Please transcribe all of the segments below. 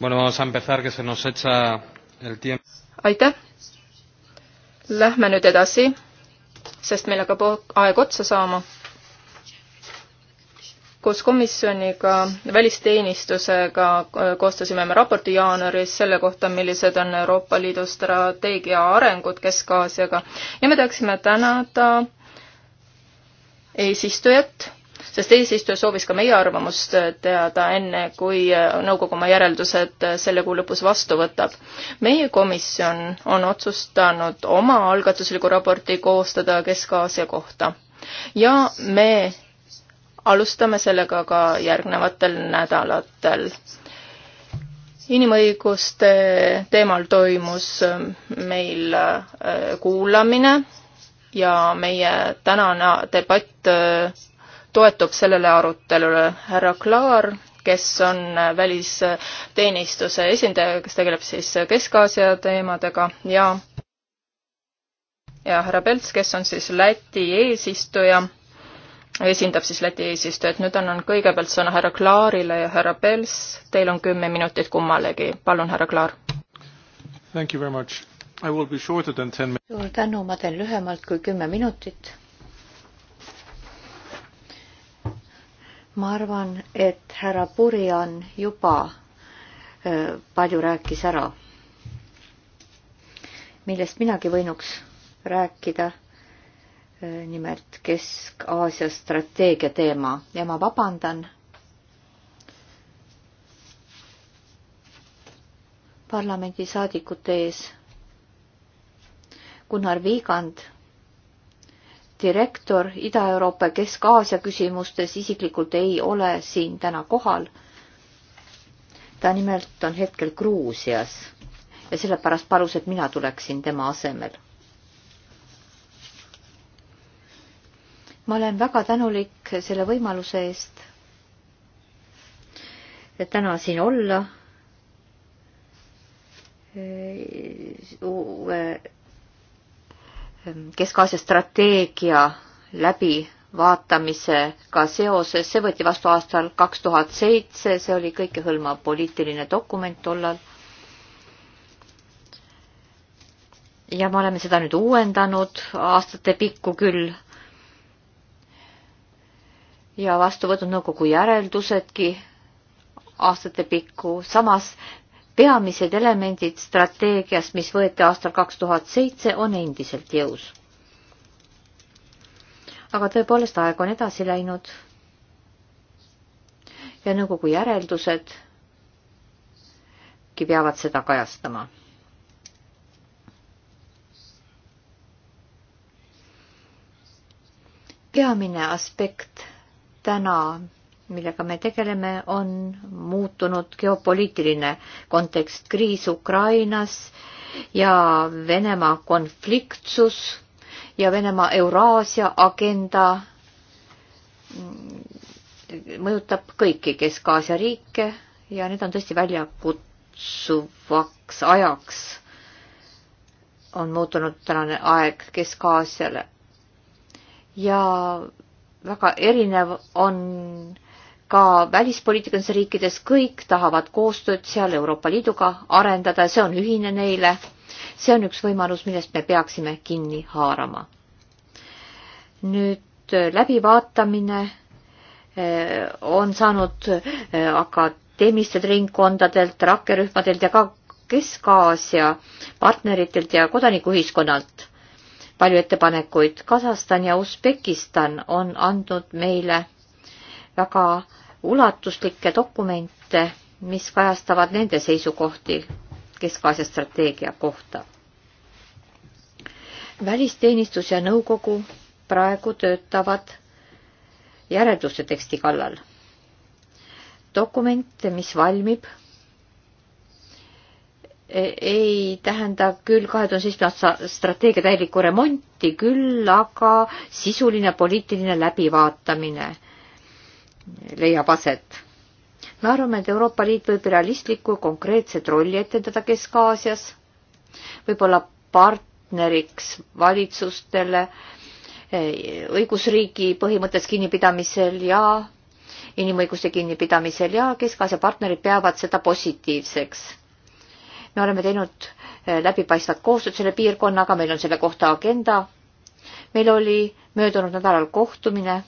Bueno, vamos a empezar, que se nos echa el tiempo. aitäh. Lähme nüüd edasi, sest meil hakkab aeg otsa saama. koos komisjoniga, välisteenistusega koostasime me raporti jaanuaris selle kohta, millised on Euroopa Liidu strateegia arengud Kesk-Aasiaga ja me tahaksime tänada eesistujat sest eesistuja soovis ka meie arvamust äh, teada, enne kui äh, nõukogu oma järeldused äh, selle kuu lõpus vastu võtab. meie komisjon on otsustanud oma algatusliku raporti koostada Kesk-Aasia kohta ja me alustame sellega ka järgnevatel nädalatel inimõiguste teemal toimus meil kuulamine ja meie tänane debatt toetub sellele arutelule härra Klaar, kes on välisteenistuse esindaja, kes tegeleb siis Kesk-Aasia teemadega ja ja härra Pelts, kes on siis Läti eesistuja, esindab siis Läti eesistujat. nüüd annan kõigepealt sõna härra Klaarile ja härra Pels, teil on kümme minutit kummalegi. palun, härra Klaar. suur tänu, ma teen lühemalt kui kümme minutit ma arvan, et härra Burjan juba palju rääkis ära, millest minagi võinuks rääkida. nimelt Kesk-Aasia strateegia teema ja ma vabandan parlamendisaadikute ees. Gunnar Viigand direktor Ida-Euroopa ja Kesk-Aasia küsimustes isiklikult ei ole siin täna kohal. ta nimelt on hetkel Gruusias ja sellepärast palus, et mina tuleksin tema asemel. ma olen väga tänulik selle võimaluse eest, et täna siin olla uue Ähm, Kesk-Aasia strateegia läbivaatamisega seoses, see võeti vastu aastal kaks tuhat seitse, see oli kõikehõlmav poliitiline dokument tollal. ja me oleme seda nüüd uuendanud aastate pikku küll ja vastu võtnud nõukogu järeldusedki aastate pikku, samas peamised elemendid strateegias, mis võeti aastal kaks tuhat seitse, on endiselt jõus. aga tõepoolest, aeg on edasi läinud. ja nõukogu järeldusedki peavad seda kajastama. peamine aspekt täna millega me tegeleme, on muutunud geopoliitiline kontekst, kriis Ukrainas ja Venemaa konfliktsus ja Venemaa Euraasia agenda mõjutab kõiki Kesk-Aasia riike ja need on tõesti väljakutsuvaks ajaks on muutunud tänane aeg Kesk-Aasiale. ja väga erinev on ka välispoliitikas riikides, kõik tahavad koostööd seal Euroopa Liiduga arendada ja see on ühine neile. see on üks võimalus, millest me peaksime kinni haarama. nüüd äh, läbivaatamine äh, on saanud äh, akadeemilistelt ringkondadelt, rakkerühmadelt ja ka Kesk-Aasia partneritelt ja kodanikuühiskonnalt palju ettepanekuid. Kasahstan ja Usbekistan on andnud meile väga ulatuslikke dokumente, mis kajastavad nende seisukohti Kesk-Aasia strateegia kohta. välisteenistus ja nõukogu praegu töötavad järelduste teksti kallal. dokument, mis valmib, ei tähenda küll kahe tuhande seitsme aasta strateegia täielikku remonti, küll aga sisuline poliitiline läbivaatamine leiab aset. me arvame, et Euroopa Liit võib realistlikku konkreetset rolli etendada Kesk-Aasias, võib-olla partneriks valitsustele eh, õigusriigi põhimõttes kinnipidamisel ja inimõiguste kinnipidamisel ja Kesk-Aasia partnerid peavad seda positiivseks. me oleme teinud eh, läbipaistvat koostööd selle piirkonnaga, meil on selle kohta agenda. meil oli möödunud nädalal kohtumine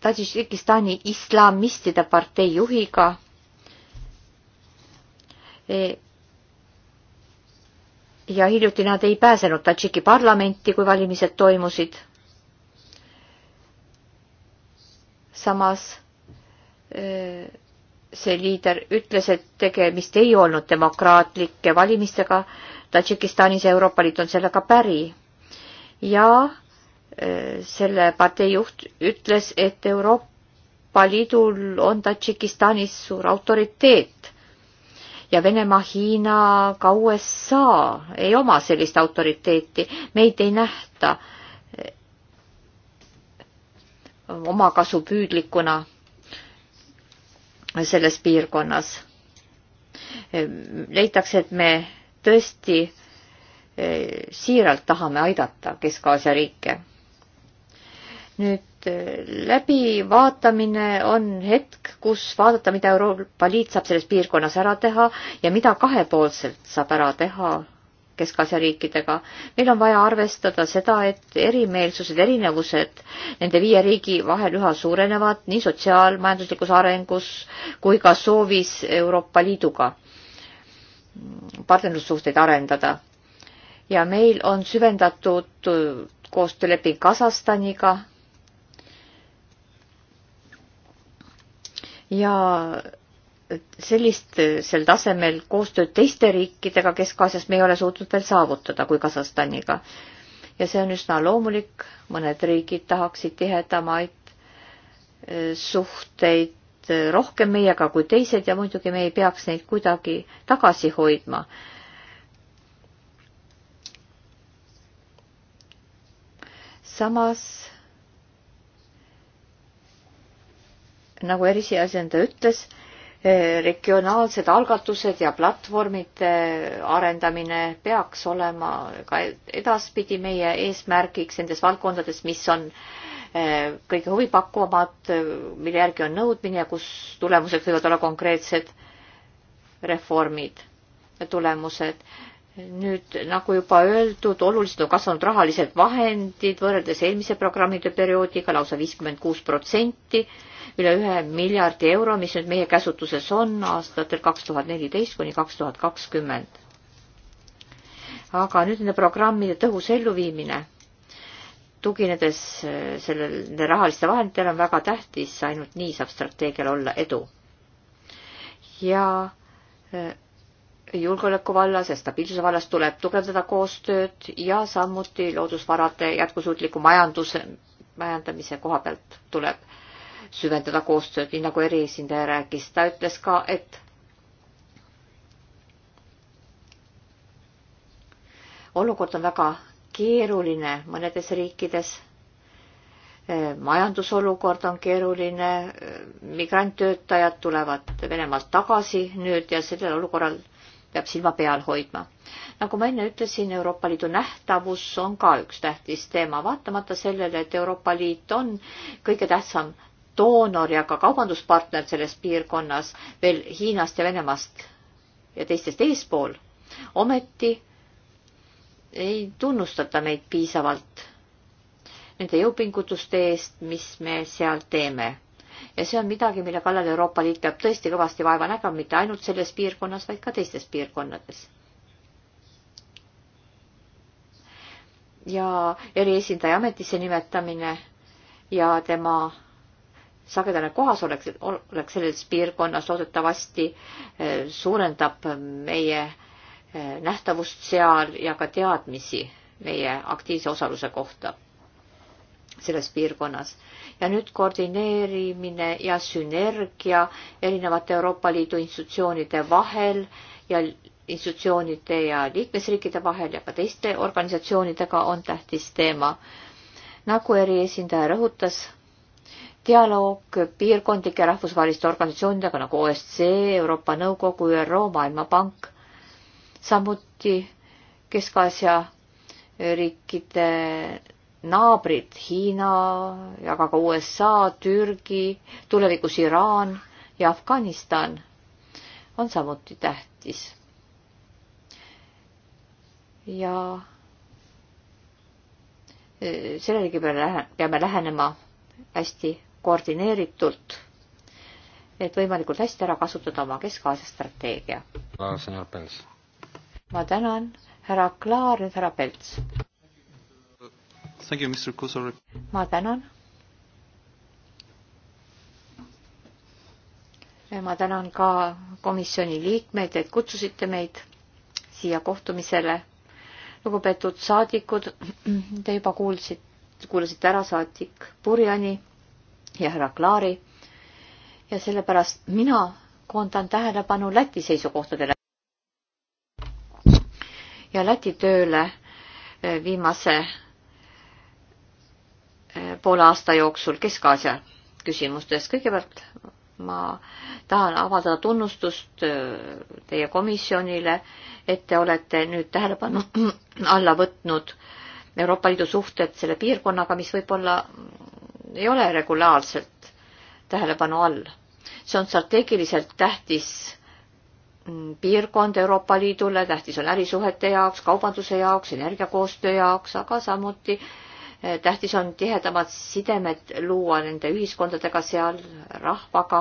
Tadžikistani islamistide partei juhiga e, ja hiljuti nad ei pääsenud Tadžiki parlamenti, kui valimised toimusid. samas e, see liider ütles, et tegemist ei olnud demokraatlike valimistega Tadžikistanis ja Euroopa Liit on sellega päri. ja Äh, selle partei juht ütles, et Euroopa Liidul on Tadžikistanis suur autoriteet ja Venemaa, Hiina, ka USA ei oma sellist autoriteeti, meid ei nähta äh, omakasupüüdlikuna selles piirkonnas. Äh, leitakse, et me tõesti siiralt tahame aidata Kesk-Aasia riike nüüd äh, läbivaatamine on hetk, kus vaadata, mida Euroopa Liit saab selles piirkonnas ära teha ja mida kahepoolselt saab ära teha Kesk-Aasia riikidega. meil on vaja arvestada seda, et erimeelsused, erinevused nende viie riigi vahel üha suurenevad nii sotsiaalmajanduslikus arengus kui ka soovis Euroopa Liiduga partnerlussuhteid arendada. ja meil on süvendatud koostööleping Kasahstaniga ja sellisel tasemel koostööd teiste riikidega Kesk-Aasias me ei ole suutnud veel saavutada kui Kasahstaniga. ja see on üsna loomulik, mõned riigid tahaksid tihedamaid äh, suhteid äh, rohkem meiega kui teised ja muidugi me ei peaks neid kuidagi tagasi hoidma. samas nagu erisiasendaja ütles, eh, regionaalsed algatused ja platvormide arendamine peaks olema ka edaspidi meie eesmärgiks nendes valdkondades, mis on eh, kõige huvipakkuvamad, eh, mille järgi on nõudmine ja kus tulemuseks võivad olla konkreetsed reformid ja tulemused nüüd nagu juba öeldud, oluliselt on kasvanud rahalised vahendid võrreldes eelmise programmide perioodiga lausa viiskümmend kuus protsenti, üle ühe miljardi euro, mis nüüd meie käsutuses on aastatel kaks tuhat neliteist kuni kaks tuhat kakskümmend. aga nüüd nende programmide tõhus elluviimine, tuginedes äh, sellele rahaliste vahenditele, on väga tähtis, ainult nii saab strateegial olla edu. ja äh, julgeoleku vallas ja stabiilsuse vallas tuleb tugevdada koostööd ja samuti loodusvarade jätkusuutliku majanduse, majandamise koha pealt tuleb süvendada koostööd, nii nagu eriesindaja rääkis, ta ütles ka, et olukord on väga keeruline mõnedes riikides. majandusolukord on keeruline, migranttöötajad tulevad Venemaalt tagasi nüüd ja sellel olukorral peab silma peal hoidma. nagu ma enne ütlesin, Euroopa Liidu nähtavus on ka üks tähtis teema, vaatamata sellele, et Euroopa Liit on kõige tähtsam doonor ja ka kaubanduspartner selles piirkonnas veel Hiinast ja Venemaast ja teistest eespool. ometi ei tunnustata meid piisavalt nende jõupingutuste eest, mis me seal teeme ja see on midagi, mille kallal Euroopa Liit peab tõesti kõvasti vaeva nägema, mitte ainult selles piirkonnas, vaid ka teistes piirkonnades. ja eriesindaja ametisse nimetamine ja tema sagedane kohasolek, olek selles piirkonnas loodetavasti eh, suurendab meie eh, nähtavust seal ja ka teadmisi meie aktiivse osaluse kohta selles piirkonnas. ja nüüd koordineerimine ja sünergia erinevate Euroopa Liidu institutsioonide vahel ja institutsioonide ja liikmesriikide vahel ja ka teiste organisatsioonidega on tähtis teema. nagu eriesindaja rõhutas, dialoog piirkondlike rahvusvaheliste organisatsioonidega nagu OSCE, Euroopa Nõukogu, ÜRO, Maailmapank, samuti Kesk-Aasia riikide naabrid Hiina, aga ka USA, Türgi, tulevikus Iraan ja Afganistan on samuti tähtis. ja e, sellelegi peale peame lähenema hästi koordineeritult, et võimalikult hästi ära kasutada oma Kesk-Aasia strateegia. ma tänan, härra Klaar, nüüd härra Pelts. Thank you, Mr. Kusori. ma tänan. ma tänan ka komisjoni liikmeid, et kutsusite meid siia kohtumisele. lugupeetud saadikud, te juba kuulsite, kuulasite ära saadik Purjani ja härra Klaari ja sellepärast mina koondan tähelepanu Läti seisukohtadele ja Läti tööle viimase poole aasta jooksul Kesk-Aasia küsimustes. kõigepealt ma tahan avaldada tunnustust äh, teie komisjonile, et te olete nüüd tähelepanu alla võtnud Euroopa Liidu suhted selle piirkonnaga, mis võib-olla ei ole regulaarselt tähelepanu all. see on strateegiliselt tähtis mm, piirkond Euroopa Liidule, tähtis on ärisuhete jaoks, kaubanduse jaoks, energiakoostöö jaoks, aga samuti äh, Eh, tähtis on tihedamad sidemed luua nende ühiskondadega seal, rahvaga,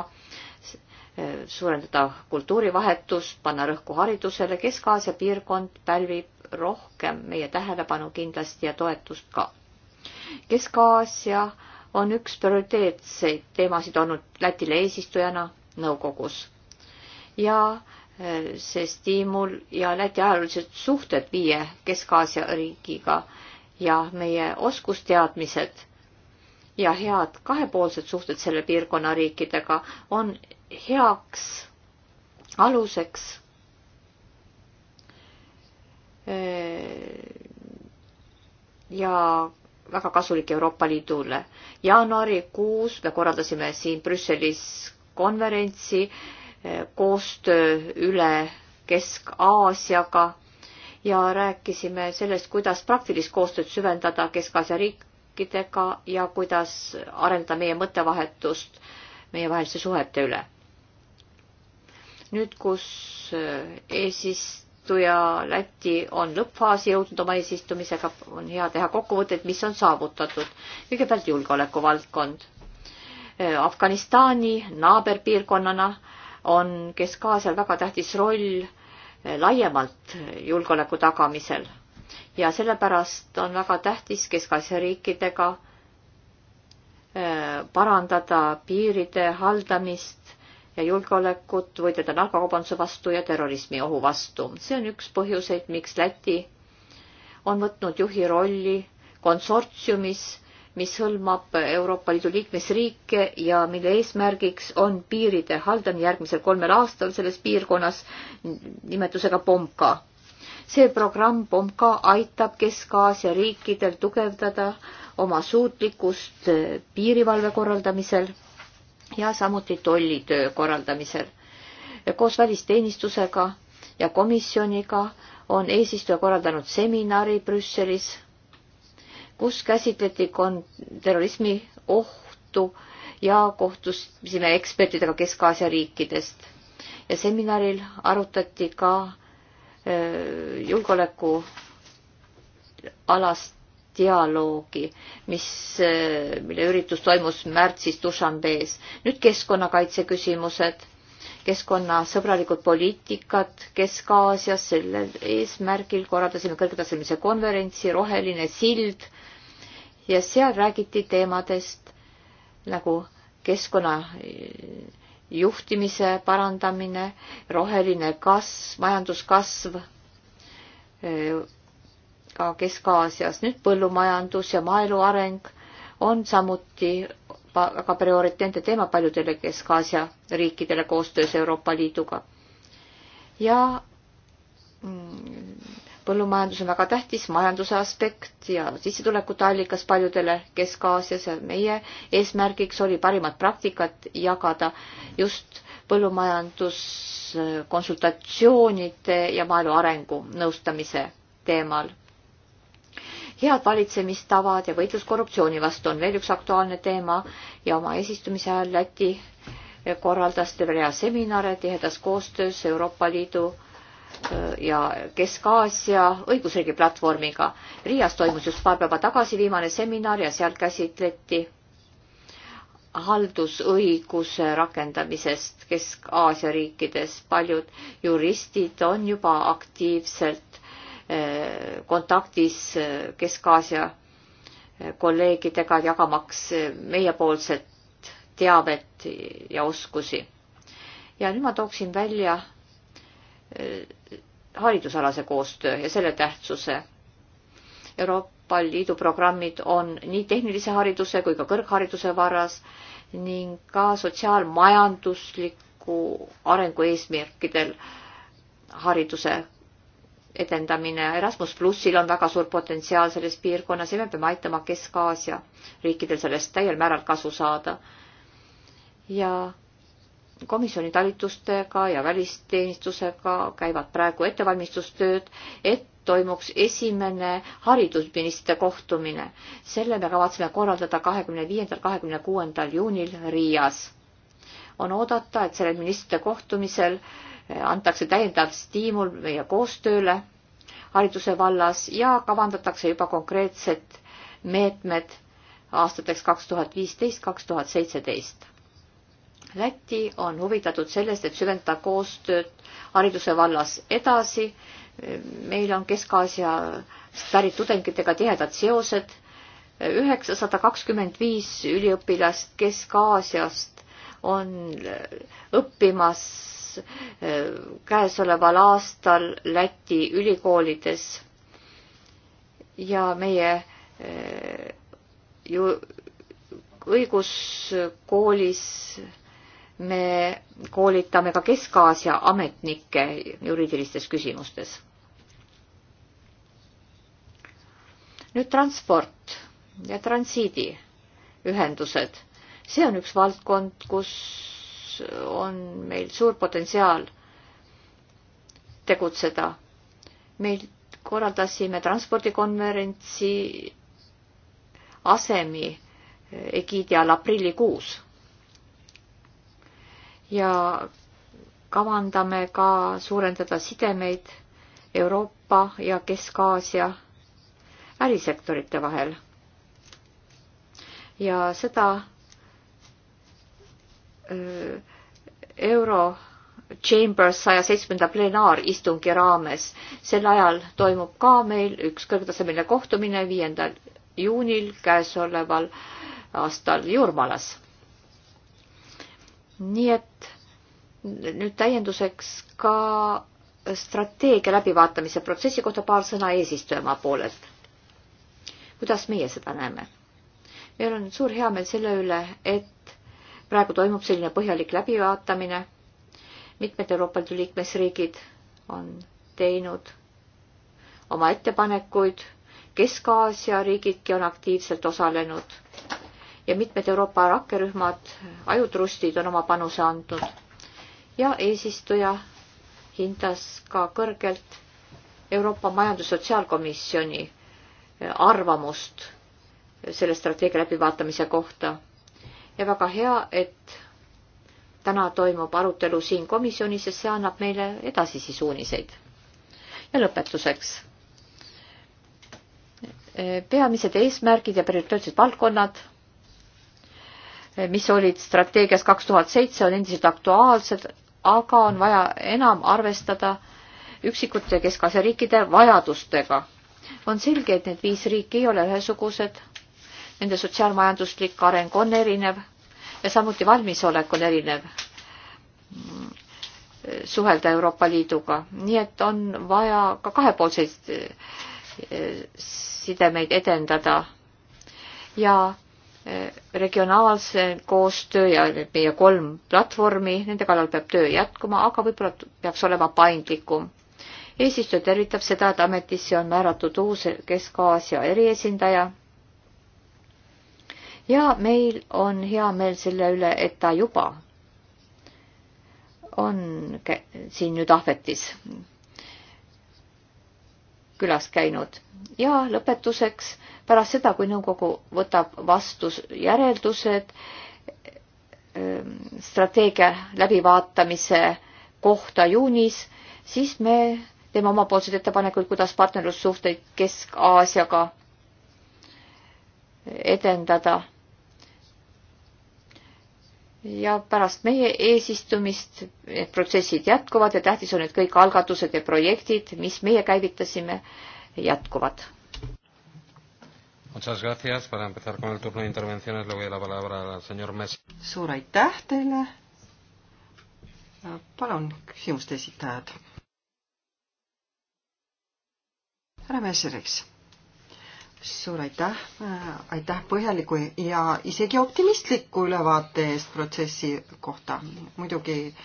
eh, suurendada kultuurivahetust, panna rõhku haridusele, Kesk-Aasia piirkond pälvib rohkem meie tähelepanu kindlasti ja toetust ka. Kesk-Aasia on üks prioriteetseid teemasid olnud Lätile eesistujana nõukogus ja eh, see stiimul ja Läti ajaloolised suhted viie Kesk-Aasia riigiga ja meie oskusteadmised ja head kahepoolsed suhted selle piirkonna riikidega on heaks aluseks eh, ja väga kasulik Euroopa Liidule. jaanuarikuus me korraldasime siin Brüsselis konverentsi eh, koostöö üle Kesk-Aasiaga ja rääkisime sellest, kuidas praktilist koostööd süvendada Kesk-Aasia riikidega ja kuidas arendada meie mõttevahetust meievaheliste suhete üle. nüüd, kus äh, eesistuja Läti on lõppfaasi jõudnud oma eesistumisega, on hea teha kokkuvõtteid, mis on saavutatud. kõigepealt julgeolekuvaldkond. Äh, Afganistani naaberpiirkonnana on Kesk-Aasial väga tähtis roll laiemalt julgeoleku tagamisel. ja sellepärast on väga tähtis keskasjariikidega äh, parandada piiride haldamist ja julgeolekut, võidelda narkokaubanduse vastu ja terrorismi ohu vastu. see on üks põhjuseid, miks Läti on võtnud juhi rolli konsortsiumis mis hõlmab Euroopa Liidu liikmesriike ja mille eesmärgiks on piiride haldamine järgmisel kolmel aastal selles piirkonnas nimetusega POMKA. see programm POMKA aitab Kesk-Aasia riikidel tugevdada oma suutlikkust piirivalve korraldamisel ja samuti tollitöö korraldamisel. koos välisteenistusega ja komisjoniga on eesistuja korraldanud seminari Brüsselis kus käsitleti kon-, terrorismi ohtu ja kohtusime ekspertidega Kesk-Aasia riikidest. ja seminaril arutati ka julgeoleku alast dialoogi, mis, mille üritus toimus märtsis Dušanbees. nüüd keskkonnakaitse küsimused, keskkonnasõbralikud poliitikad Kesk-Aasias, sellel eesmärgil korraldasime kõrgetasemelise konverentsi Roheline sild ja seal räägiti teemadest nagu keskkonna eh, juhtimise parandamine, roheline kasv, majanduskasv eh, ka Kesk-Aasias, nüüd põllumajandus ja maaelu areng on samuti väga prioriteetne teema paljudele Kesk-Aasia riikidele koostöös Euroopa Liiduga. ja põllumajandus on väga tähtis majanduse aspekt ja sissetulekute allikas paljudele Kesk-Aasias ja meie eesmärgiks oli parimat praktikat jagada just põllumajanduskonsultatsioonide ja maaelu arengu nõustamise teemal. head valitsemistavad ja võitlus korruptsiooni vastu on veel üks aktuaalne teema ja oma esistumise ajal Läti korraldas terve rea seminare tihedas koostöös Euroopa Liidu ja Kesk-Aasia õigusriigi platvormiga. Riias toimus just paar päeva tagasi viimane seminar ja seal käsitleti haldusõiguse rakendamisest Kesk-Aasia riikides. paljud juristid on juba aktiivselt eh, kontaktis eh, Kesk-Aasia eh, kolleegidega, jagamaks meiepoolset teavet ja oskusi. ja nüüd ma tooksin välja haridusalase koostöö ja selle tähtsuse. Euroopa Liidu programmid on nii tehnilise hariduse kui ka kõrghariduse varas ning ka sotsiaalmajandusliku arengu eesmärkidel hariduse edendamine. Erasmus plussil on väga suur potentsiaal selles piirkonnas ja me peame aitama Kesk-Aasia riikidel sellest täiel määral kasu saada. ja komisjoni talitustega ja välisteenistusega käivad praegu ettevalmistustööd, et toimuks esimene haridusministrite kohtumine. selle me kavatseme korraldada kahekümne viiendal, kahekümne kuuendal juunil Riias. on oodata, et sellel ministrite kohtumisel antakse täiendav stiimul meie koostööle hariduse vallas ja kavandatakse juba konkreetsed meetmed aastateks kaks tuhat viisteist, kaks tuhat seitseteist Läti on huvitatud sellest, et süvendada koostööd hariduse vallas edasi. meil on Kesk-Aasiast pärit tudengitega tihedad seosed. üheksasada kakskümmend viis üliõpilast Kesk-Aasiast on õppimas eh, käesoleval aastal Läti ülikoolides ja meie eh, ju õiguskoolis me koolitame ka Kesk-Aasia ametnikke juriidilistes küsimustes. nüüd transport ja transiidiühendused. see on üks valdkond, kus on meil suur potentsiaal tegutseda. meil korraldasime transpordikonverentsi asemi egiidi all aprillikuus ja kavandame ka suurendada sidemeid Euroopa ja Kesk-Aasia ärisektorite vahel. ja seda äh, Euro Chambers saja seitsmenda plenaaristungi raames. sel ajal toimub ka meil üks kõrgtasemeline kohtumine viiendal juunil käesoleval aastal Jurmalas nii et nüüd täienduseks ka strateegia läbivaatamise protsessi kohta paar sõna eesistujamaa poolelt. kuidas meie seda näeme? meil on suur heameel selle üle, et praegu toimub selline põhjalik läbivaatamine. mitmed Euroopa Liidu liikmesriigid on teinud oma ettepanekuid, Kesk-Aasia riigidki on aktiivselt osalenud ja mitmed Euroopa rakkerühmad, ajutrustid on oma panuse andnud. ja eesistuja hindas ka kõrgelt Euroopa Majandus- Sotsiaalkomisjoni eh, arvamust selle strateegia läbivaatamise kohta. ja väga hea, et täna toimub arutelu siin komisjonis, sest see annab meile edasisi suuniseid. ja lõpetuseks. Eh, peamised eesmärgid ja prioriteetsed valdkonnad mis olid strateegias kaks tuhat seitse, on endiselt aktuaalsed, aga on vaja enam arvestada üksikute Kesk-Aasia riikide vajadustega. on selge, et need viis riiki ei ole ühesugused, nende sotsiaalmajanduslik areng on erinev ja samuti valmisolek on erinev suhelda Euroopa Liiduga, nii et on vaja ka kahepoolseid sidemeid edendada ja Eh, regionaalse koostöö ja meie kolm platvormi, nende kallal peab töö jätkuma, aga võib-olla peaks olema paindlikum. eesistuja tervitab seda, et ametisse on määratud uus Kesk-Aasia eriesindaja. ja meil on hea meel selle üle, et ta juba on siin nüüd ahvetis külas käinud. ja lõpetuseks, pärast seda, kui nõukogu võtab vastu järeldused ähm, strateegia läbivaatamise kohta juunis, siis me teeme omapoolsed ettepanekud, kuidas partnerlussuhteid Kesk-Aasiaga edendada ja pärast meie eesistumist need protsessid jätkuvad ja tähtis on, et kõik algatused ja projektid, mis meie käivitasime, jätkuvad. suur aitäh teile. palun küsimuste esitajad. härra Messeriks suur aitäh, äh, aitäh põhjaliku ja isegi optimistliku ülevaate eest protsessi kohta. muidugi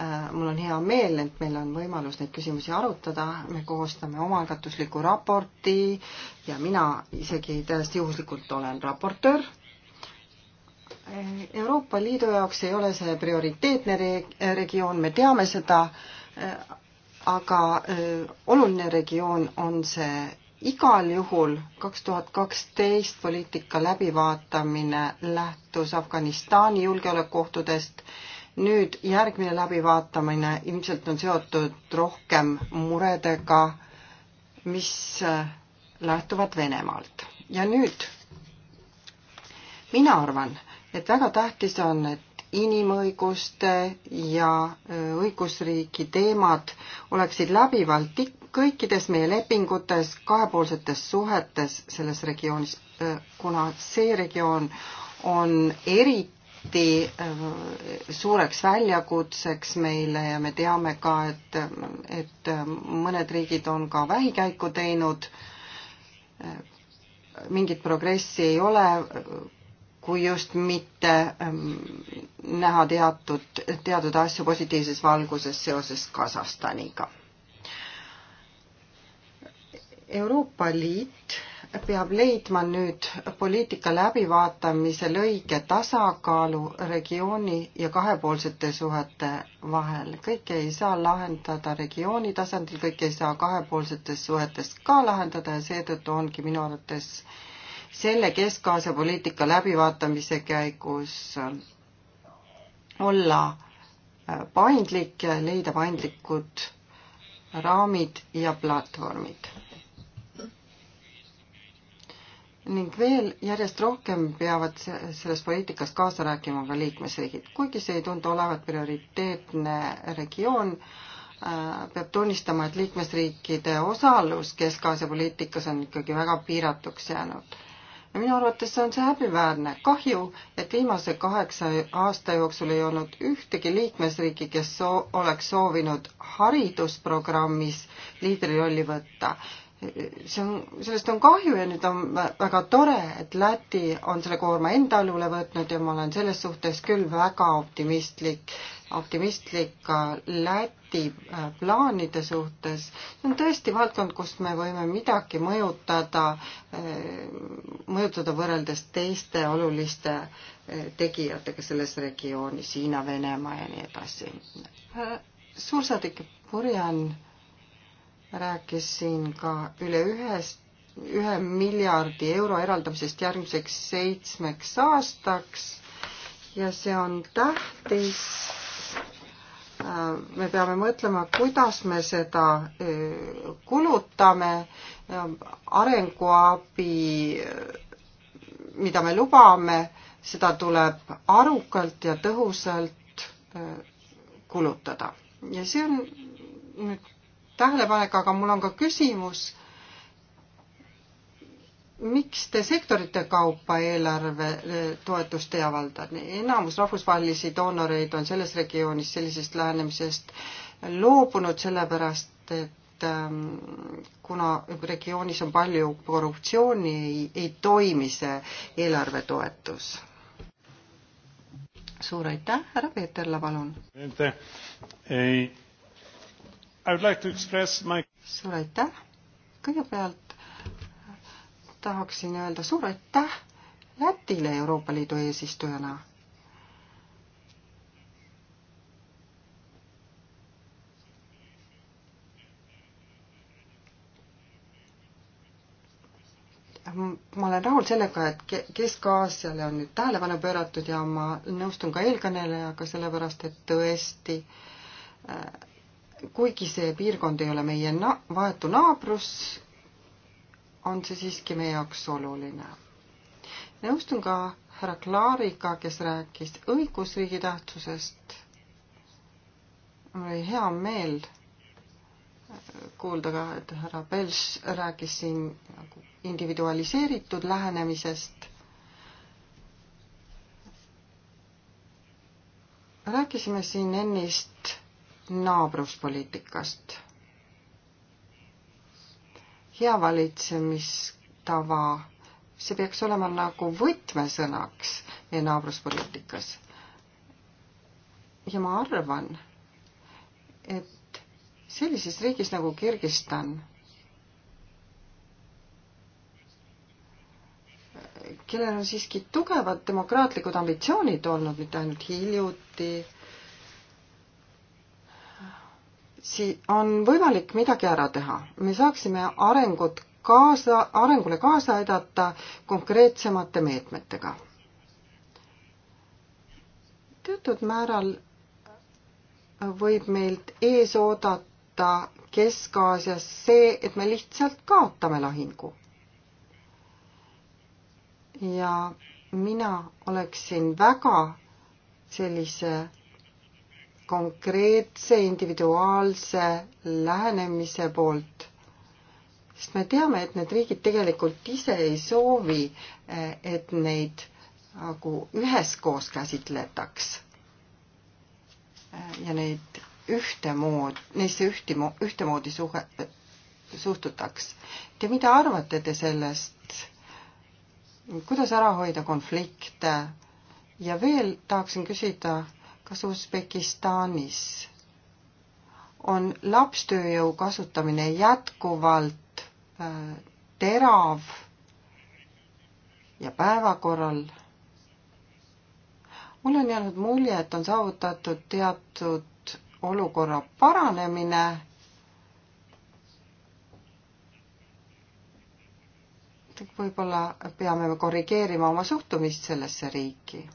äh, mul on hea meel, et meil on võimalus neid küsimusi arutada, me koostame omaalgatusliku raporti ja mina isegi täiesti juhuslikult olen raportöör. Äh, Euroopa Liidu jaoks ei ole see prioriteetne regioon, me teame seda, aga oluline regioon on see igal juhul kaks tuhat kaksteist poliitika läbivaatamine lähtus Afganistani julgeolekuohtudest, nüüd järgmine läbivaatamine ilmselt on seotud rohkem muredega, mis äh, lähtuvad Venemaalt. ja nüüd mina arvan, et väga tähtis on, et inimõiguste ja äh, õigusriigi teemad oleksid läbivalt kõikides meie lepingutes, kahepoolsetes suhetes selles regioonis, äh, kuna see regioon on eriti äh, suureks väljakutseks meile ja me teame ka, et, et mõned riigid on ka vähikäiku teinud. Äh, mingit progressi ei ole, kui just mitte ähm, näha teatud, teatud asju positiivses valguses seoses Kasahstaniga Euroopa Liit peab leidma nüüd poliitika läbivaatamisel õige tasakaalu regiooni ja kahepoolsete suhete vahel. kõike ei saa lahendada regiooni tasandil, kõike ei saa kahepoolsetes suhetes ka lahendada ja seetõttu ongi minu arvates selle Kesk-Aasia poliitika läbivaatamise käigus olla paindlik ja leida paindlikud raamid ja platvormid ning veel järjest rohkem peavad selles poliitikas kaasa rääkima ka liikmesriigid. kuigi see ei tundu olevat prioriteetne regioon, äh, peab tunnistama, et liikmesriikide osalus Kesk-Aasia poliitikas on ikkagi väga piiratuks jäänud. ja minu arvates on see häbiväärne. kahju, et viimase kaheksa aasta jooksul ei olnud ühtegi liikmesriiki, kes soo-, oleks soovinud haridusprogrammis liidrirolli võtta see on, sellest on kahju ja nüüd on väga tore, et Läti on selle koorma enda õlule võtnud ja ma olen selles suhtes küll väga optimistlik, optimistlik ka Läti äh, plaanide suhtes. see on tõesti valdkond, kus me võime midagi mõjutada, äh, mõjutada võrreldes teiste oluliste äh, tegijatega selles regioonis, Hiina, Venemaa ja nii edasi. suursaadik Burjan rääkis siin ka üle ühest, ühe miljardi euro eraldamisest järgmiseks seitsmeks aastaks ja see on tähtis. me peame mõtlema, kuidas me seda äh, kulutame, arenguabi, mida me lubame, seda tuleb arukalt ja tõhusalt äh, kulutada ja see on nüüd tähelepanek, aga mul on ka küsimus. miks te sektorite kaupa eelarve eh, toetust ei avalda? enamus rahvusvahelisi doonoreid on selles regioonis sellisest lähenemisest loobunud, sellepärast et ähm, kuna regioonis on palju korruptsiooni, ei, ei toimi see eelarvetoetus suur aitäh, härra Peeterla, palun like my... suur aitäh! kõigepealt tahaksin öelda suur aitäh Lätile Euroopa Liidu eesistujana. ma olen rahul sellega, et Kesk-Aasiale on nüüd tähelepanu pööratud ja ma nõustun ka eelkõnelejaga, sellepärast et tõesti äh, kuigi see piirkond ei ole meie na-, vahetu naabrus, on see siiski meie jaoks oluline. nõustun ka härra Klaariga, kes rääkis õigusriigi tähtsusest. mul oli hea meel kuulda ka, et härra Pels rääkis siin nagu individualiseeritud lähenemisest. rääkisime siin ennist naabruspoliitikast. hea valitsemistava, see peaks olema nagu võtmesõnaks meie naabruspoliitikas. ja ma arvan, et sellises riigis nagu Kirgistan kellel on siiski tugevad demokraatlikud ambitsioonid olnud, mitte ainult hiljuti, sii-, on võimalik midagi ära teha. me saaksime arengut kaasa, arengule kaasa aidata konkreetsemate meetmetega. teatud määral võib meilt ees oodata Kesk-Aasias see, et me lihtsalt kaotame lahingu. ja mina oleksin väga sellise konkreetse individuaalse lähenemise poolt. sest me teame, et need riigid tegelikult ise ei soovi, eh, et neid nagu üheskoos käsitletaks eh, ja neid ühtemoodi, neisse ühtimo-, ühtemoodi suhe, suhtutaks. Te, mida arvate te sellest, kuidas ära hoida konflikte ja veel tahaksin küsida kas Usbekistanis on lapstööjõu kasutamine jätkuvalt äh, terav ja päevakorral. mul on jäänud mulje, et on saavutatud teatud olukorra paranemine. võib-olla peame korrigeerima oma suhtumist sellesse riiki.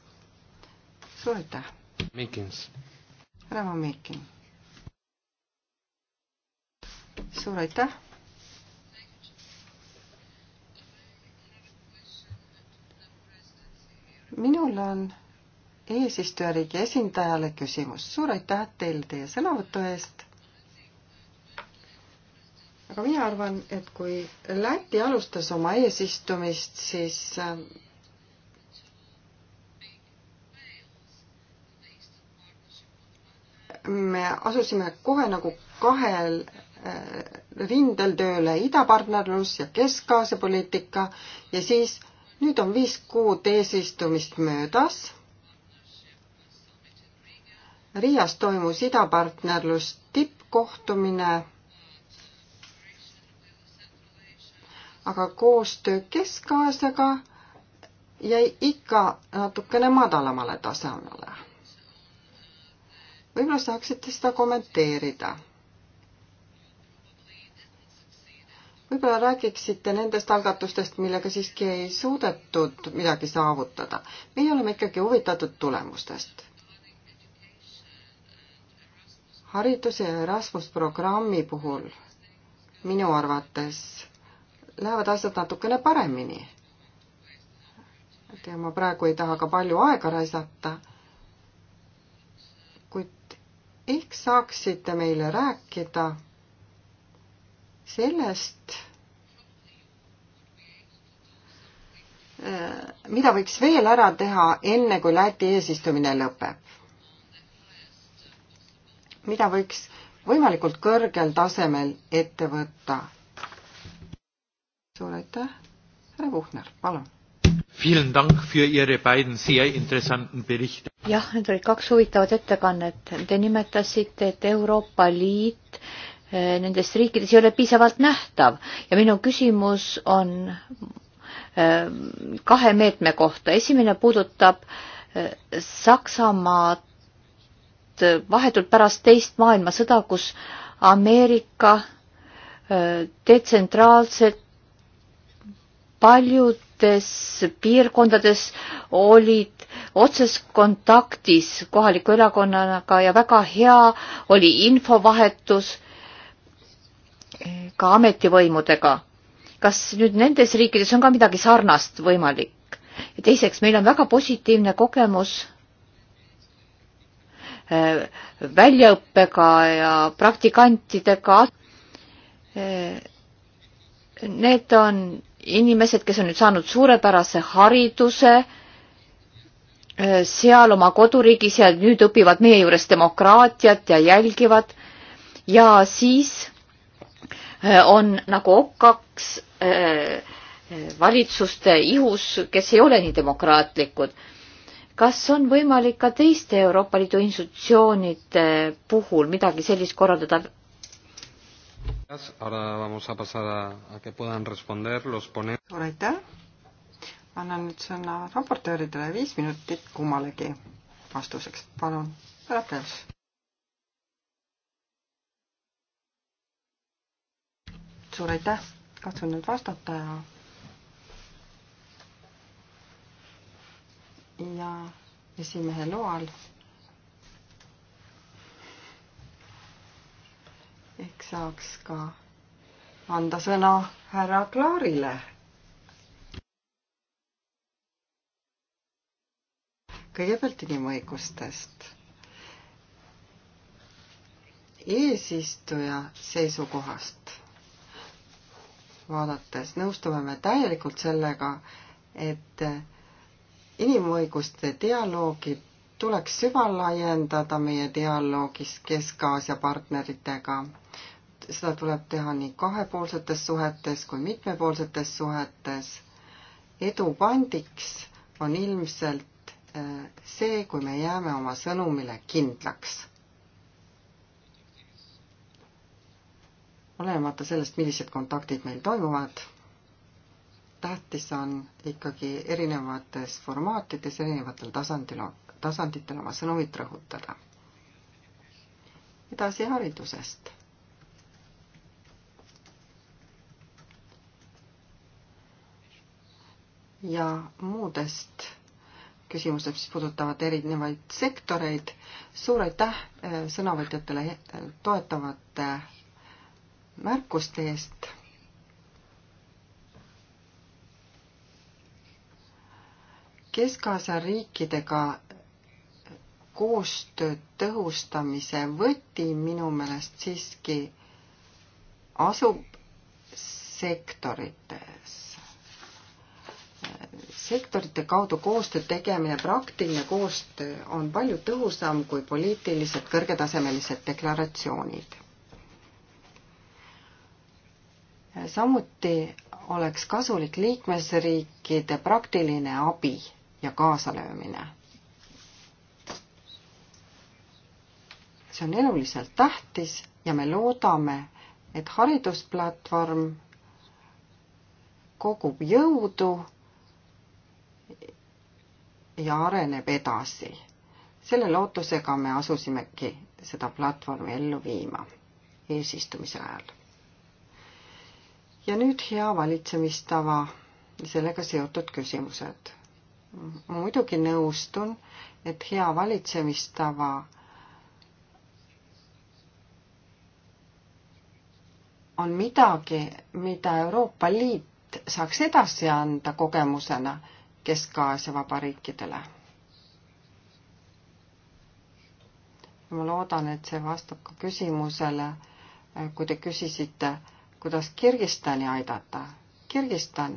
suur aitäh! Mikins. härra Mikin. suur aitäh. minul on eesistujariigi esindajale küsimus. suur aitäh teile teie sõnavõtu eest. aga mina arvan, et kui Läti alustas oma eesistumist, siis ähm, me asusime kohe nagu kahel äh, rindel tööle idapartnerlus ja Kesk-Aasia poliitika ja siis nüüd on viis kuud eesistumist möödas. Riias toimus idapartnerlus tippkohtumine aga koostöö Kesk-Aasiaga jäi ikka natukene madalamale tasemele võib-olla saaksite seda kommenteerida. võib-olla räägiksite nendest algatustest, millega siiski ei suudetud midagi saavutada. meie oleme ikkagi huvitatud tulemustest. hariduse ja Erasmus programmi puhul minu arvates lähevad asjad natukene paremini. et ja ma praegu ei taha ka palju aega raisata ehk saaksite meile rääkida sellest, eh, mida võiks veel ära teha, enne kui Läti eesistumine lõpeb? mida võiks võimalikult kõrgel tasemel ette võtta? suur aitäh, härra Puhner, palun. Vielen Dank für Ihre beiden sehr interessanten Berichte jah, need olid kaks huvitavat ettekannet. Te nimetasite, et Euroopa Liit eh, nendes riikides ei ole piisavalt nähtav ja minu küsimus on eh, kahe meetme kohta. esimene puudutab eh, Saksamaad vahetult pärast teist maailmasõda, kus Ameerika detsentraalselt paljud erinevates piirkondades olid otses kontaktis kohaliku erakonnaga ja väga hea oli infovahetus eh, ka ametivõimudega. kas nüüd nendes riikides on ka midagi sarnast võimalik? ja teiseks, meil on väga positiivne kogemus eh, väljaõppega ja praktikantidega. Eh, need on inimesed, kes on nüüd saanud suurepärase hariduse äh, seal oma koduriigis ja nüüd õpivad meie juures demokraatiat ja jälgivad ja siis äh, on nagu okkaks äh, valitsuste ihus, kes ei ole nii demokraatlikud. kas on võimalik ka teiste Euroopa Liidu institutsioonide puhul midagi sellist korraldada suur aitäh! annan nüüd sõna raportööridele viis minutit kummalegi vastuseks. palun, härra Prels. suur aitäh, katsun nüüd vastata ja ja esimehe loal ehk saaks ka anda sõna härra Klaarile. kõigepealt inimõigustest. eesistuja seisukohast vaadates nõustume me täielikult sellega, et inimõiguste dialoogi tuleks süvalaiendada meie dialoogis Kesk-Aasia partneritega seda tuleb teha nii kahepoolsetes suhetes kui mitmepoolsetes suhetes. edu pandiks on ilmselt äh, see, kui me jääme oma sõnumile kindlaks. olenemata sellest, millised kontaktid meil toimuvad, tähtis on ikkagi erinevates formaatides, erinevatel tasandil, tasanditel oma sõnumit rõhutada. edasi haridusest ja muudest küsimustest, mis puudutavad erinevaid sektoreid. suur aitäh eh, sõnavõtjatele toetavate märkuste eest. Kesk-Aasia riikidega koostöö tõhustamise võti minu meelest siiski asub sektorites sektorite kaudu koostöö tegemine, praktiline koostöö on palju tõhusam kui poliitilised kõrgetasemelised deklaratsioonid. samuti oleks kasulik liikmesriikide praktiline abi ja kaasalöömine. see on eluliselt tähtis ja me loodame, et haridusplatvorm kogub jõudu ja areneb edasi. selle lootusega me asusimegi seda platvormi ellu viima eesistumise ajal. ja nüüd hea valitsemistava ja sellega seotud küsimused. muidugi nõustun, et hea valitsemistava on midagi, mida Euroopa Liit saaks edasi anda kogemusena Kesk-Aasia vabariikidele. ma loodan, et see vastab ka küsimusele, eh, kui te küsisite, kuidas Kirgistani aidata. Kirgistan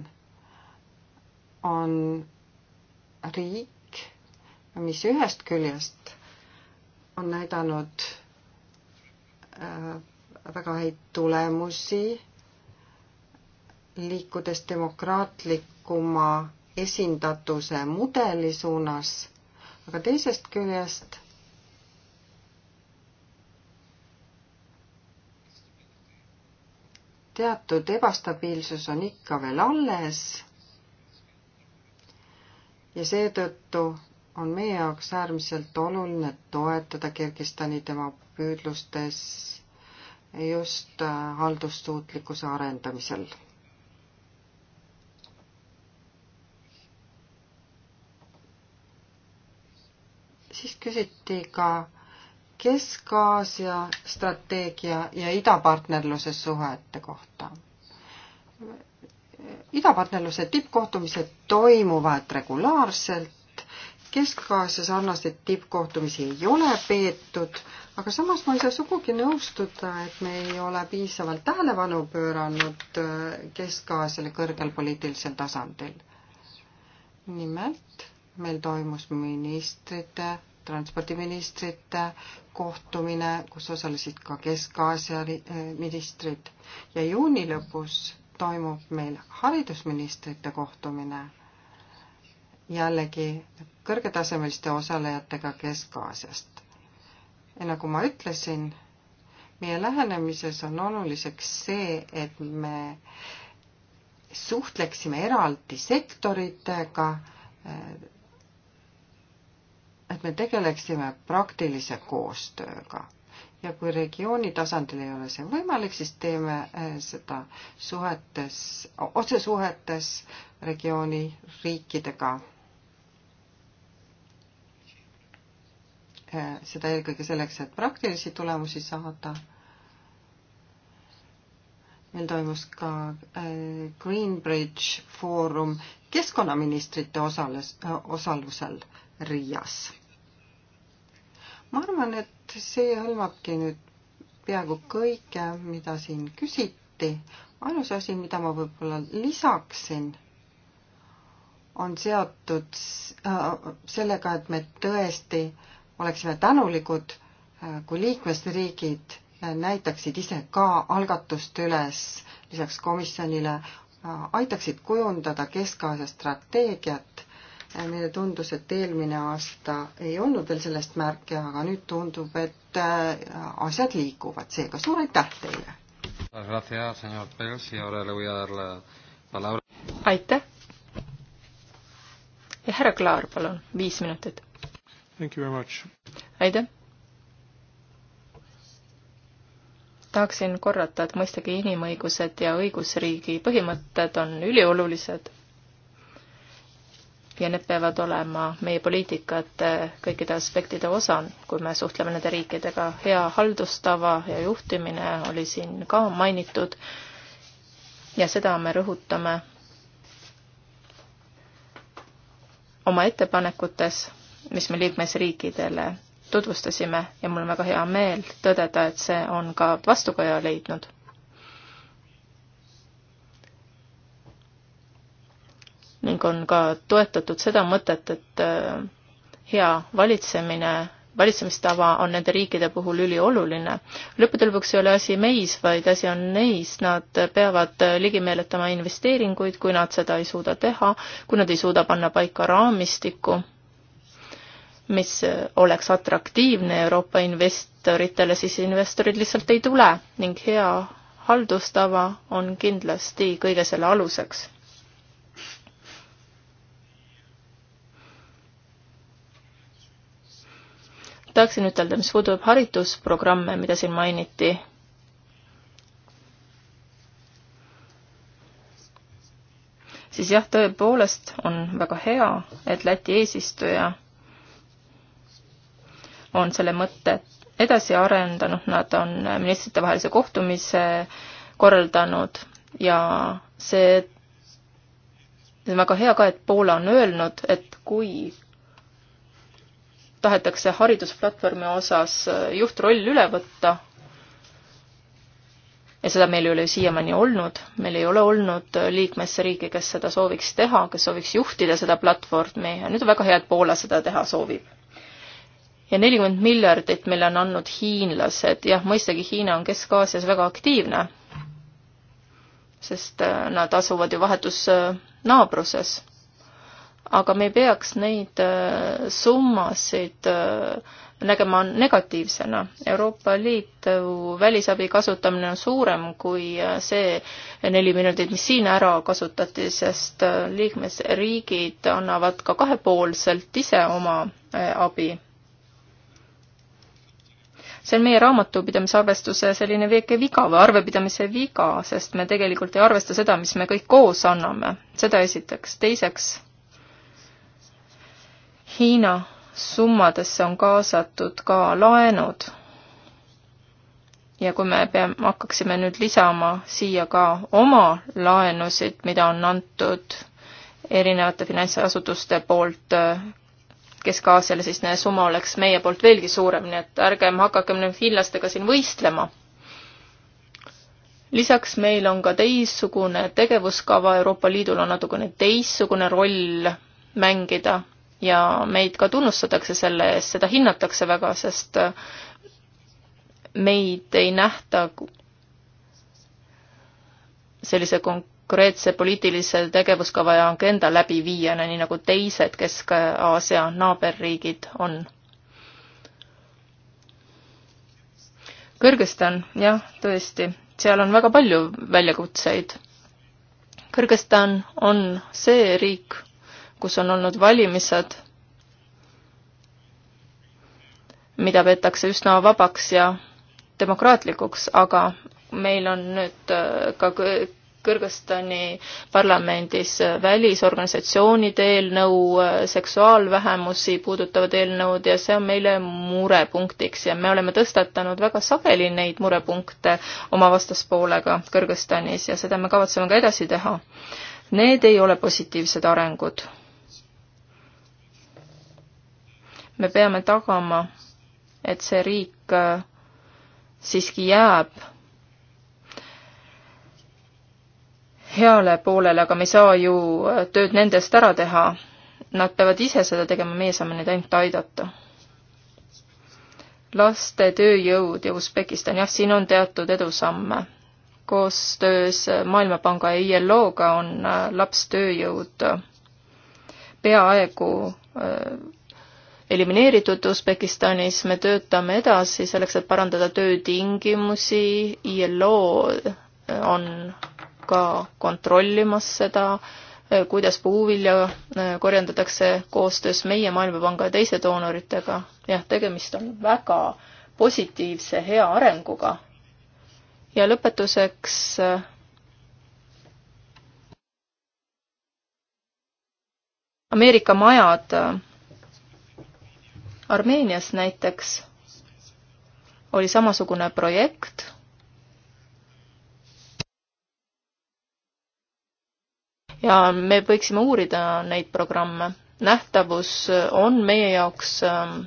on riik, mis ühest küljest on näidanud eh, väga häid tulemusi, liikudes demokraatlikuma esindatuse mudeli suunas, aga teisest küljest teatud ebastabiilsus on ikka veel alles ja seetõttu on meie jaoks äärmiselt oluline toetada Kirgistani tema püüdlustes just äh, haldussuutlikkuse arendamisel küsiti ka Kesk-Aasia strateegia ja idapartnerluse suhete kohta. idapartnerluse tippkohtumised toimuvad regulaarselt, Kesk-Aasia sarnaseid tippkohtumisi ei ole peetud, aga samas ma ei saa sugugi nõustuda, et me ei ole piisavalt tähelepanu pööranud äh, Kesk-Aasiale kõrgel poliitilisel tasandil. nimelt meil toimus ministrite transpordiministrite kohtumine, kus osalesid ka Kesk-Aasia eh, ministrid ja juuni lõpus toimub meil haridusministrite kohtumine jällegi kõrgetasemeliste osalejatega Kesk-Aasiast. ja nagu ma ütlesin, meie lähenemises on oluliseks see, et me suhtleksime eraldi sektoritega, eh, et me tegeleksime praktilise koostööga ja kui regiooni tasandil ei ole see võimalik, siis teeme eh, seda suhetes, otsesuhetes regiooni riikidega. Eh, seda eelkõige selleks, et praktilisi tulemusi saada. meil toimus ka eh, Greenbridge Foorum keskkonnaministrite osales, osalusel Riias. ma arvan, et see hõlmabki nüüd peaaegu kõike, mida siin küsiti. ainus asi, mida ma võib-olla lisaksin, on seotud äh, sellega, et me tõesti oleksime tänulikud, äh, kui liikmesriigid äh, näitaksid ise ka algatust üles lisaks komisjonile, aitaksid kujundada Kesk-Aasia strateegiat Äh, meile tundus, et eelmine aasta ei olnud veel sellest märke, aga nüüd tundub, et äh, asjad liiguvad, seega suur aitäh teile! aitäh! ja härra Klaar, palun, viis minutit. aitäh! tahaksin korrata, et mõistagi inimõigused ja õigusriigi põhimõtted on üliolulised ja need peavad olema meie poliitikate kõikide aspektide osa, kui me suhtleme nende riikidega. hea haldustava ja juhtimine oli siin ka mainitud ja seda me rõhutame oma ettepanekutes, mis me liikmesriikidele tutvustasime ja mul on väga hea meel tõdeda, et see on ka vastukaja leidnud ning on ka toetatud seda mõtet, et äh, hea valitsemine, valitsemistava on nende riikide puhul ülioluline. lõppude lõpuks ei ole asi meis, vaid asi on neis, nad peavad äh, ligi meeletama investeeringuid, kui nad seda ei suuda teha, kui nad ei suuda panna paika raamistikku, mis äh, oleks atraktiivne Euroopa investoritele, siis investorid lihtsalt ei tule ning hea haldustava on kindlasti kõige selle aluseks tahaksin ütelda, mis puudutab haritusprogramme, mida siin mainiti, siis jah, tõepoolest on väga hea, et Läti eesistuja on selle mõtte edasi arendanud, nad on ministritevahelise kohtumise korraldanud ja see, see on väga hea ka, et Poola on öelnud, et kui tahetakse haridusplatvormi osas äh, juhtroll üle võtta. ja seda meil ei ole ju siiamaani olnud, meil ei ole olnud äh, liikmesriigi, kes seda sooviks teha, kes sooviks juhtida seda platvormi ja nüüd on väga hea, et Poola seda teha soovib ja nelikümmend miljardit, mille on andnud hiinlased, jah, mõistagi Hiina on Kesk-Aasias väga aktiivne, sest äh, nad asuvad ju vahetus naabruses aga me ei peaks neid äh, summasid äh, nägema negatiivsena. Euroopa Liidu välisabi kasutamine on suurem kui äh, see neli miljardit, mis siin ära kasutati, sest liikmesriigid annavad ka kahepoolselt ise oma abi. see on meie raamatupidamise arvestuse selline väike viga või arvepidamise viga, sest me tegelikult ei arvesta seda, mis me kõik koos anname. seda esiteks. teiseks Hiina summadesse on kaasatud ka laenud. ja kui me peame, hakkaksime nüüd lisama siia ka oma laenusid, mida on antud erinevate finantsasutuste poolt Kesk-Aasiale, siis see summa oleks meie poolt veelgi suurem, nii et ärgem hakakem nüüd hiinlastega siin võistlema. lisaks meil on ka teistsugune tegevuskava, Euroopa Liidul on natukene teistsugune roll mängida ja meid ka tunnustatakse selle eest, seda hinnatakse väga, sest äh, meid ei nähta sellise konkreetse poliitilise tegevuskava ja agenda läbiviijana, nii nagu teised Kesk-Aasia naaberriigid on. Kõrgõzstan, jah, tõesti, seal on väga palju väljakutseid. Kõrgõzstan on see riik, kus on olnud valimised, mida peetakse üsna vabaks ja demokraatlikuks, aga meil on nüüd äh, ka Kõrgõzstani parlamendis äh, välisorganisatsioonide eelnõu, äh, seksuaalvähemusi puudutavad eelnõud ja see on meile murepunktiks ja me oleme tõstatanud väga sageli neid murepunkte oma vastaspoolega Kõrgõzstanis ja seda me kavatseme ka edasi teha. Need ei ole positiivsed arengud. me peame tagama, et see riik äh, siiski jääb heale poolele, aga me ei saa ju äh, tööd nende eest ära teha. Nad peavad ise seda tegema, meie saame neid ainult aidata. laste tööjõud ja Usbekistan, jah, siin on teatud edusamme. koostöös äh, Maailmapanga ja ILO-ga on lapstööjõud peaaegu elimineeritud Usbekistanis, me töötame edasi selleks, et parandada töötingimusi, ILO eh, on ka kontrollimas seda, eh, kuidas puuvilja eh, korjandatakse koostöös meie Maailmapanga ja teiste doonoritega. jah, tegemist on väga positiivse hea arenguga. ja lõpetuseks Ameerika majad Armeenias näiteks oli samasugune projekt. ja me võiksime uurida neid programme. nähtavus on meie jaoks ähm,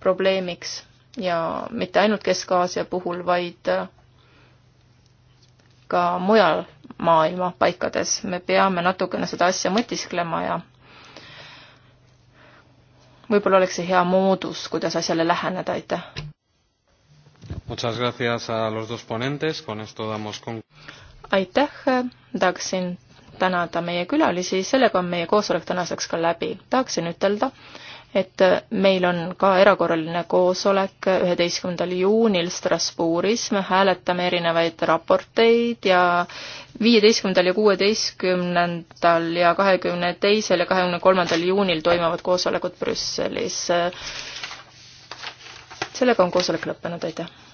probleemiks ja mitte ainult Kesk-Aasia puhul, vaid äh, ka mujal maailma paikades. me peame natukene seda asja mõtisklema ja võib-olla oleks see hea moodus, kuidas asjale läheneda, aitäh. Muchas gracias a los dos ponentes, con esto damos con-. aitäh, tahaksin tänada meie külalisi, sellega on meie koosolek tänaseks ka läbi. tahaksin ütelda, et äh, meil on ka erakorraline koosolek üheteistkümnendal juunil Strasbourgis, me hääletame erinevaid raporteid ja viieteistkümnendal ja kuueteistkümnendal ja kahekümne teisel ja kahekümne kolmandal juunil toimuvad koosolekud Brüsselis. Äh, sellega on koosolek lõppenud, aitäh!